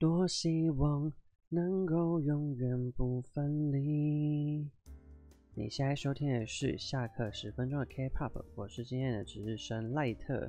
多希望能夠永遠不分離。你現在收聽的是下課十分鐘的 K-pop，我是今天的值日生賴特。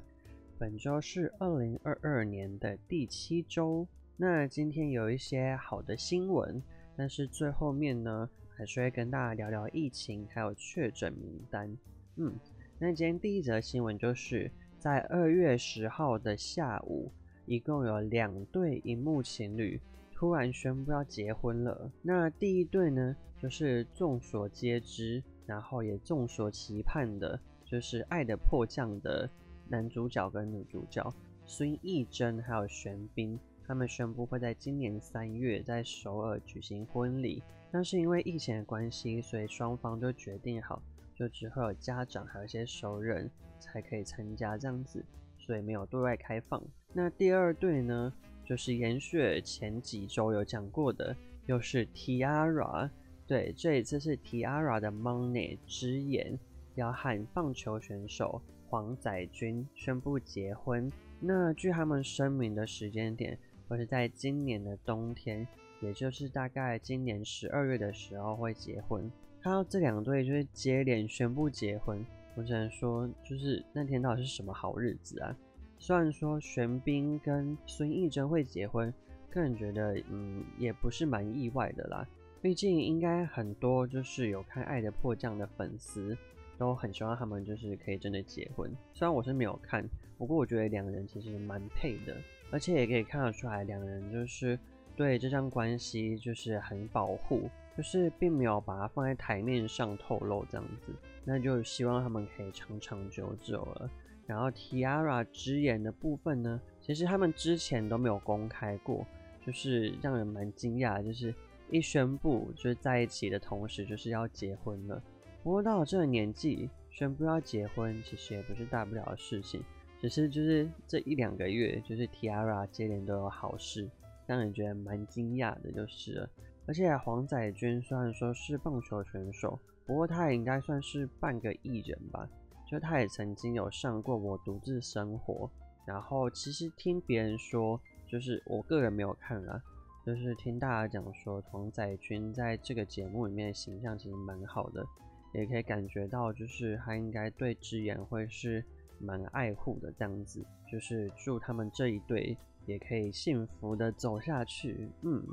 本周是二零二二年的第七周。那今天有一些好的新聞，但是最後面呢，還是會跟大家聊聊疫情還有確診名單。嗯，那今天第一則新聞就是在二月十號的下午。一共有兩對熒幕情侶突然宣布要結婚了。那第一對呢，就是眾所皆知，然後也眾所期盼的，就是《愛的迫降》的男主角跟女主角孫藝珍還有玄彬，他們宣布會在今年三月在首爾舉行婚禮。但是因為疫情的關係，所以雙方就決定好，就只會有家長還有一些熟人，才可以參加這樣子。對，沒有對外開放。那第二對呢？就是延續前幾周有講過的，又是 Tiara。對，這一次是 Tiara 的芝妍要和棒球選手黃載均宣布結婚。那據他們聲明的時間點，就是在今年的冬天，也就是大概今年十二月的時候會結婚。看到這兩對就是接連宣布結婚。我只能說，就是那天到底是什麼好日子啊？雖然說玄彬跟孫藝珍會結婚，個人覺得，嗯，也不是蠻意外的啦。畢竟應該很多就是有看《愛的迫降》的粉絲，都很希望他們就是可以真的結婚。雖然我是沒有看，不過我覺得兩個人其實蠻配的，而且也可以看得出來，兩個人就是。對這段關係就是很保護，就是並沒有把它放在台面上透露這樣子，那就希望他們可以長長久久了。然後 T-ara 芝妍的部分呢，其實他們之前都沒有公開過，就是讓人蠻驚訝，就是一宣布就是在一起的同時就是要結婚了。不過到這個年紀宣布要結婚，其實也不是大不了的事情，只是就是這一兩個月，就是 T-ara 接連都有好事。讓人覺得蠻驚訝的，就是了。而且黃載均雖然說是棒球選手，不過他也應該算是半個藝人吧。就他也曾經有上過《我獨自生活》，然後其實聽別人說，就是我個人沒有看了，啊，就是聽大家講說，黃載均在這個節目裡面形象其實蠻好的，也可以感覺到就是他應該對芝妍會是蠻愛護的這樣子。就是祝他們這一對。也可以幸福的走下去。嗯，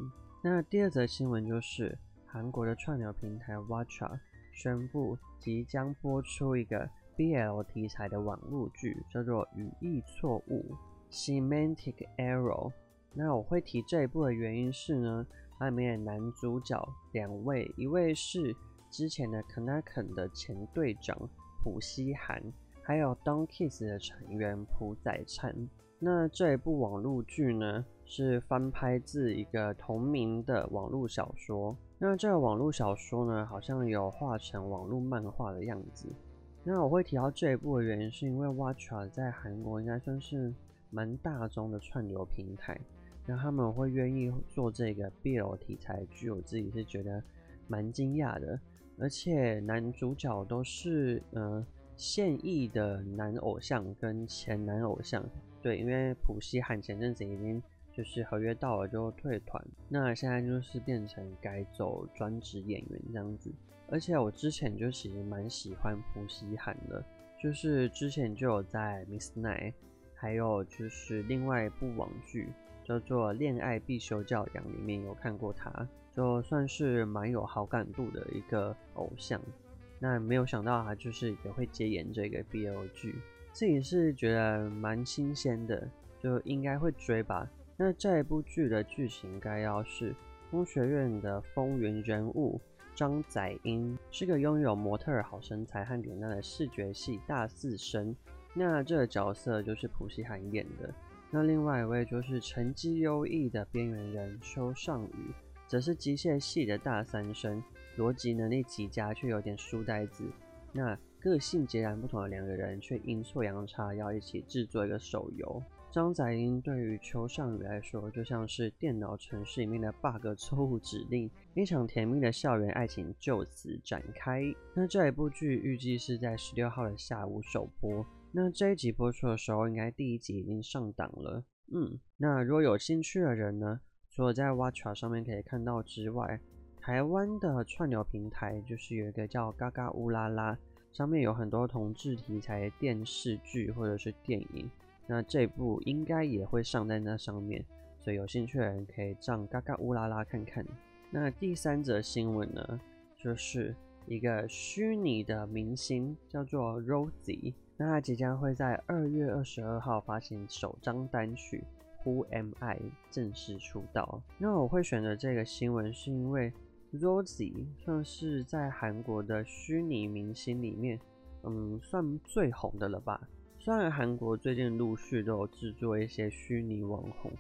那第二則新聞就是韓國的串流平台 WATCHA 宣布即將播出一個 BL、T、題材的網絡劇，叫做《語意錯誤》（Semantic Error）。那我會提這一部的原因是呢，裡面男主角兩位，一位是之前的 Connect 的前隊長朴西涵，還有 DONGKIZ 的成員朴在成。那這一部網絡劇呢，是翻拍自一個同名的網絡小說。那這個網絡小說呢，好像有畫成網絡漫畫的樣子。那我會提到這一部的原因，是因為 Watcha 在韓國應該算是蠻大眾的串流平台，那他們會願意做這個 BL 題材劇，我自己是覺得蠻驚訝的。而且男主角都是嗯、呃、現役的男偶像跟前男偶像。對，因為朴熙韓前陣子已經就是合約到了就退團，那現在就是變成改走專職演員這樣子。而且我之前就其實蠻喜歡朴熙韓的，就是之前就有在《Miss Night》，還有就是另外一部網劇叫做《戀愛必修教養》裡面有看過他，就算是蠻有好感度的一個偶像。那沒有想到他就是也會接演這個 BL 劇。自己是覺得蠻新鮮的，就應該會追吧。那這一部劇的劇情概要是：工學院的風雲人物張宰英是個擁有模特兒好身材和臉蛋的視覺系大四生，那這個角色就是朴西涵演的。那另外一位就是成績優異的邊緣人秋尚宇，則是機械系的大三生，邏輯能力極佳卻有點書呆子。那個性截然不同的兩個人，卻陰錯陽差要一起制作一個手遊。張宰英對於邱尚宇來說，就像是電腦程式裡面的 bug 錯誤指令。一場甜蜜的校園愛情就此展開。那這一部劇預計是在十六號的下午首播。那這一集播出的時候，應該第一集已經上檔了。嗯，那如果有興趣的人呢，除了在 Watcha、er、上面可以看到之外，台灣的串流平台就是有一個叫嘎嘎烏拉拉。上面有很多同志題材電視劇或者是電影，那這部應該也會上在那上面，所以有興趣的人可以上嘎嘎烏拉拉看看。那第三則新聞呢，就是一個虛擬的明星叫做 Rozy，那他即將會在二月二十二號發行首張單曲《Who Am I》正式出道。那我會選擇這個新聞是因為。Rozy 算是在韓國的虛擬明星裡面，嗯，算最紅的了吧？雖然韓國最近陸續都有製作一些虛擬網紅，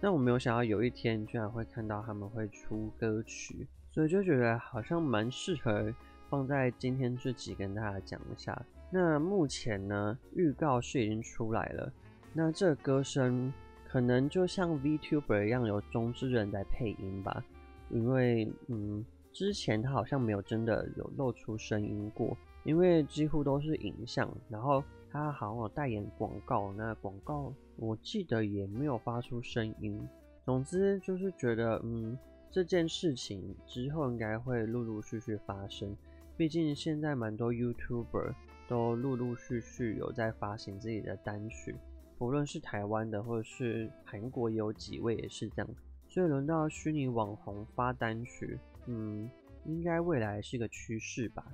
但我沒有想到有一天居然會看到他們會出歌曲，所以就覺得好像蠻適合放在今天這集跟大家講一下。那目前呢，預告是已經出來了，那這歌聲可能就像 VTuber 一樣，有中之人在配音吧。因為，嗯，之前他好像沒有真的有露出聲音過，因為幾乎都是影像。然後他好像有代言廣告，那廣告我記得也沒有發出聲音。總之就是覺得，嗯，這件事情之後應該會陸陸續續發生，畢竟現在蠻多 YouTuber 都陸陸續續有在發行自己的單曲，不論是台灣的或者是韓國有幾位也是這樣。所以，輪到虛擬網紅發單曲，嗯，應該未來是個趨勢吧。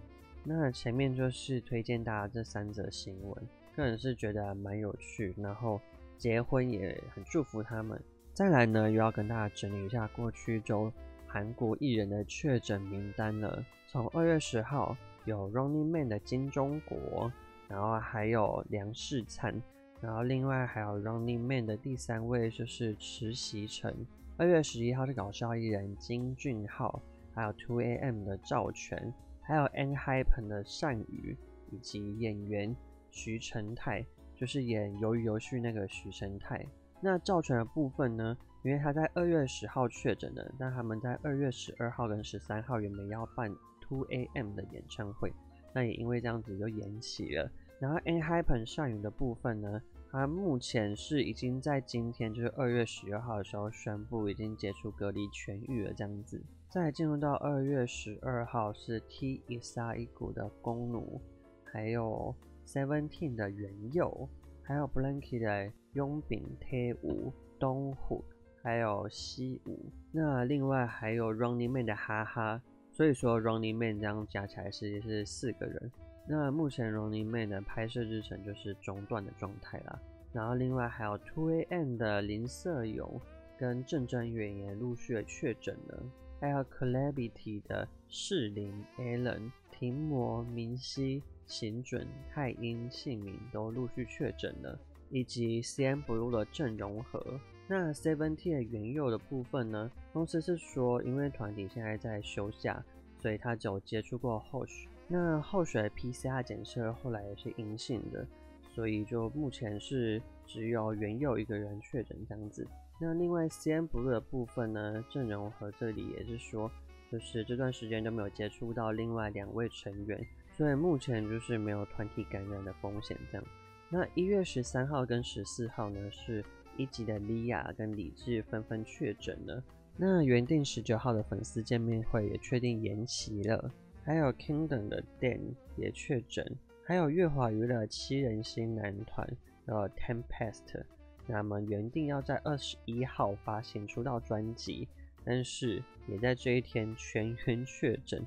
那前面就是推薦大家這三則新聞，個人是覺得蠻有趣，然後結婚也很祝福他們。再來呢，又要跟大家整理一下過去一週韓國藝人的確診名單了。從二月十號有 Running Man 的金鐘國，然後還有梁世燦，然後另外還有 Running Man 的第三位就是池錫辰。二月十一號，是搞笑藝人金俊浩，還有 Two A.M. 的趙權，還有 ENHYPEN 的善宇，以及演員徐成泰，就是演《魷魚遊戲》那個徐成泰。那趙權的部分呢，因為他在二月十號確診了，但他們在二月十二號跟十三號原本要辦 Two A.M. 的演唱會，那也因為這樣子就延期了。然後 ENHYPEN 善宇的部分呢，他目前是已經在今天，就是二月十二號的時候宣布已經解除隔離痊癒了，這樣子。再進入到二月十二號是 T 一三一谷的弓弩，還有 Seventeen 的元佑，還有 Blanky 的傭兵 T5 東虎，還有西武。那另外還有 Running Man 的哈哈，所以說 Running Man 這樣加起來實際是，是四個人。那目前 Running Man 的拍攝日程就是中斷的狀態啦，然後另外還有 2AM 的林瑟勇跟鄭鎮元也陸續的確診了。還有 Cravity 的釋林 Allen、停模明熙、賢準泰英、姓名都陸續確診了，以及 CNBLUE 的鄭容和。那 Seventeen 的原有的部分呢，公司是說因為團體現在在休假，所以他只有接觸過 Hoshi。那後續的 PCR 檢測後來也是陰性的，所以就目前是只有原有一個人確診這樣子。那另外 CNBLUE 的部分呢，鄭容和這裡也是說，就是這段時間都沒有接觸到另外兩位成員，所以目前就是沒有團體感染的風險這樣。那一月十三號跟十四號呢，是一級的莉亞跟李智紛紛確診了。那原定十九號的粉絲見面會也確定延期了。還有 Kingdom 的 Dan 也確診，還有樂華娛樂七人星男團的 Tempest，那麼原定要在二十一號發行出道專輯，但是也在這一天全員確診，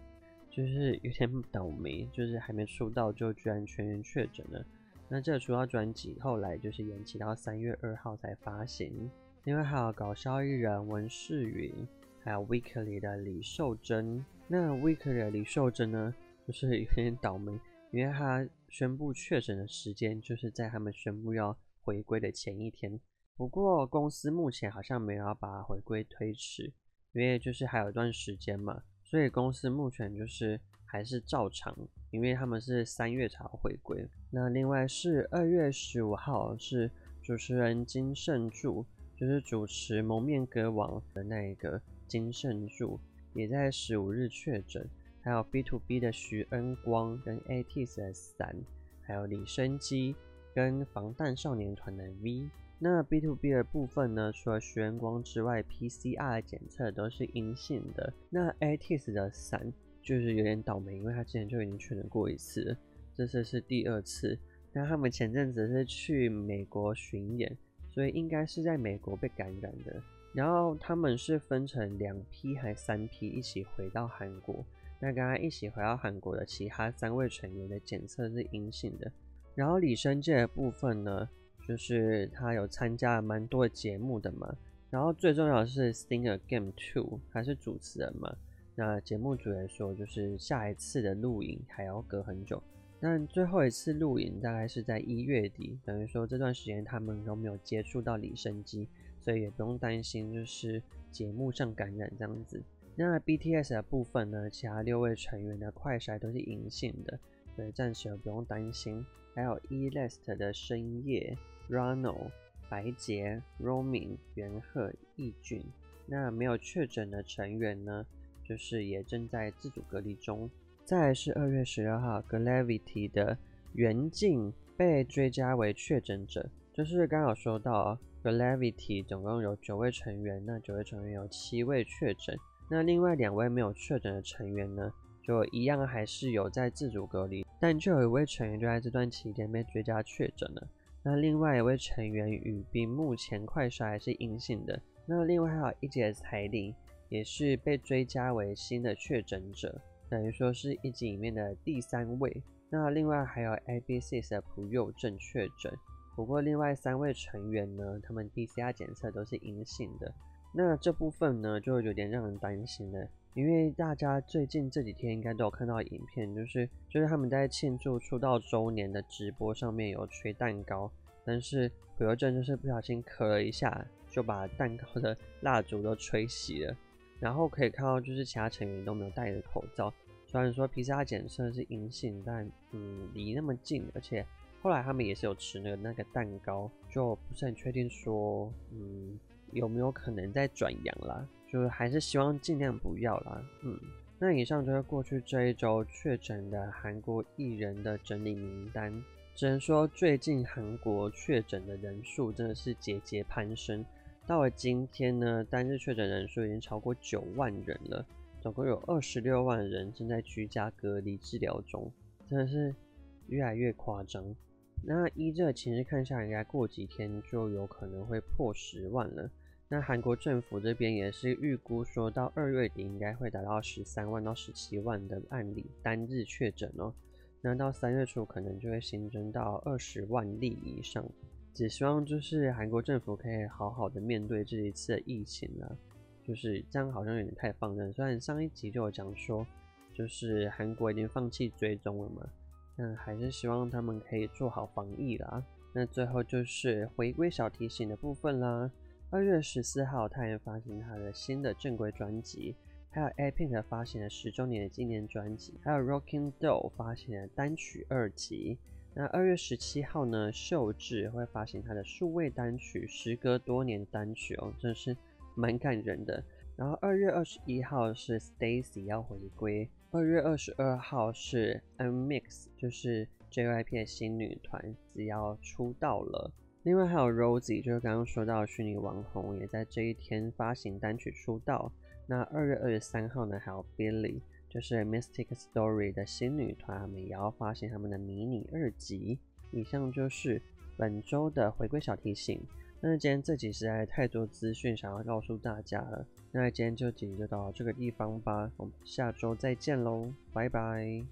就是有點倒霉，就是還沒出道就居然全員確診了。那這個出道專輯後來就是延期到三月二號才發行。另外還有搞笑藝人文世允還有 Weekly 的李秀珍，那 Weekly 的李秀珍呢，就是有點倒霉，因為他宣布確診的時間就是在他們宣布要回歸的前一天。不過公司目前好像沒有要把回歸推遲，因為就是還有一段時間嘛，所以公司目前就是還是照常，因為他們是三月才回歸。那另外是二月十五號是主持人金聖柱，就是主持《蒙面歌王》的那一個。金聖柱也在十五日確診，還有 BTOB 的徐恩光跟 Ateez 的傘，還有李昇基跟防彈少年團的 V。那 BTOB 的部分呢，除了徐恩光之外，PCR 檢測都是陰性的。那 Ateez 的傘就是有點倒霉，因為他之前就已經確診過一次了，這次是第二次。那他們前陣子是去美國巡演，所以應該是在美國被感染的。然後他們是分成兩批還是三批一起回到韓國？那剛剛一起回到韓國的其他三位成員的檢測是陰性的。然後李昇基的部分呢，就是他有參加蠻多的節目的嘛。然後最重要的是《Singer Game 2》他是主持人嘛？那節目主也說，就是下一次的錄影還要隔很久。但最後一次錄影大概是在一月底，等於說這段時間他們都沒有接觸到李昇基。所以也不用擔心，就是節目上感染這樣子。那 BTS 的部分呢，其他六位成員的快篩都是陰性的，所以暫時也不用擔心。還有 ELAST 的深夜 Rano 白傑、Romin、元赫、義俊，那沒有確診的成員呢，就是也正在自主隔離中。再來，是二月十六號，Gravity 的袁敬被追加為確診者，就是剛好說到、哦。Gravity 總共有九位成員，那九位成員有七位確診，那另外兩位沒有確診的成員呢，就一樣還是有在自主隔離。但就有一位成員就在這段期間被追加確診了。那另外一位成員雨兵目前快篩還是陰性的。那另外還有一姐彩鈴也是被追加為新的確診者，等於說是一姐裡面的第三位。那另外還有 ABC 的朴佑正確診。不過另外三位成員呢，他們 PCR 檢測都是陰性的，那這部分呢，就有點讓人擔心了，因為大家最近這幾天應該都有看到的影片，就是就是他們在慶祝出道周年的直播上面有吹蛋糕，但是不料就是不小心咳了一下，就把蛋糕的蠟燭都吹熄了，然後可以看到就是其他成員都沒有戴着口罩，雖然說 PCR 檢測是陰性，但嗯離那麼近，而且。後來他們也是有吃那個那個蛋糕，就不是很確定說，嗯，有沒有可能再轉陽啦？就是還是希望盡量不要啦。嗯，那以上就是過去這一周確診的韓國藝人的整理名單。只能說最近韓國確診的人數真的是節節攀升，到了今天呢，單日確診人數已經超過九萬人了，總共有二十六萬人正在居家隔離治療中，真的是越來越誇張。那依這個情勢，看一下應該過幾天就有可能會破十萬了。那韓國政府這邊也是預估，說到二月底應該會達到十三萬到十七萬的案例單日確診哦。那到三月初可能就會新增到二十萬例以上。只希望就是韓國政府可以好好的面對這一次的疫情了，啊。就是這樣，好像有點太放任。雖然上一集就有講說，就是韓國已經放棄追蹤了嘛。那、嗯、還是希望他們可以做好防疫啦，那最後就是回歸小提醒的部分啦。二月十四號，太陽發行他的新的正規專輯，還有 Apink 發行了十週年的紀念專輯，還有 Rocking Doll 發行了單曲二輯。那二月十七號呢，秀智會發行他的數位單曲，時隔多年單曲哦，真是蠻感人的。然後二月二十一號是 Stacy 要回歸。二月二十二號是 MIX，就是 JYP 的新女團也要出道了。另外還有 Rozy，就是剛剛說到的虛擬網紅，也在這一天發行單曲出道。那二月二十三號呢，還有 Billy，就是 Mystic Story 的新女團，他們也要發行他們的迷你二輯。以上就是本周的回歸小提醒。那今天這集實在太多資訊想要告訴大家了，那今天就這集就到這個地方吧，我們下周再見嘍，拜拜。